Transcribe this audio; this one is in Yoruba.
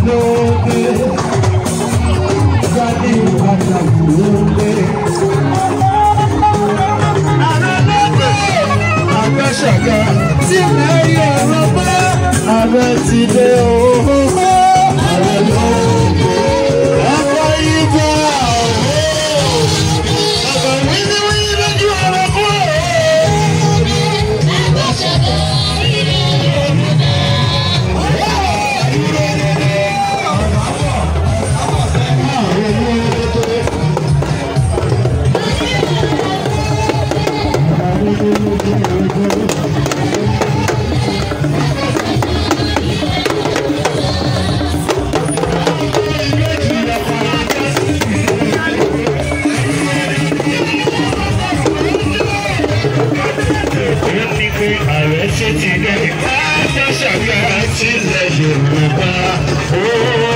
lóde jáde ìwádà lóde. Ààrẹ lóde àgbẹ̀ṣẹ̀gà tí ilẹ̀ ti dé òhóhó. ti dé ká tó ṣàgbára sílẹ̀ Yorùbá.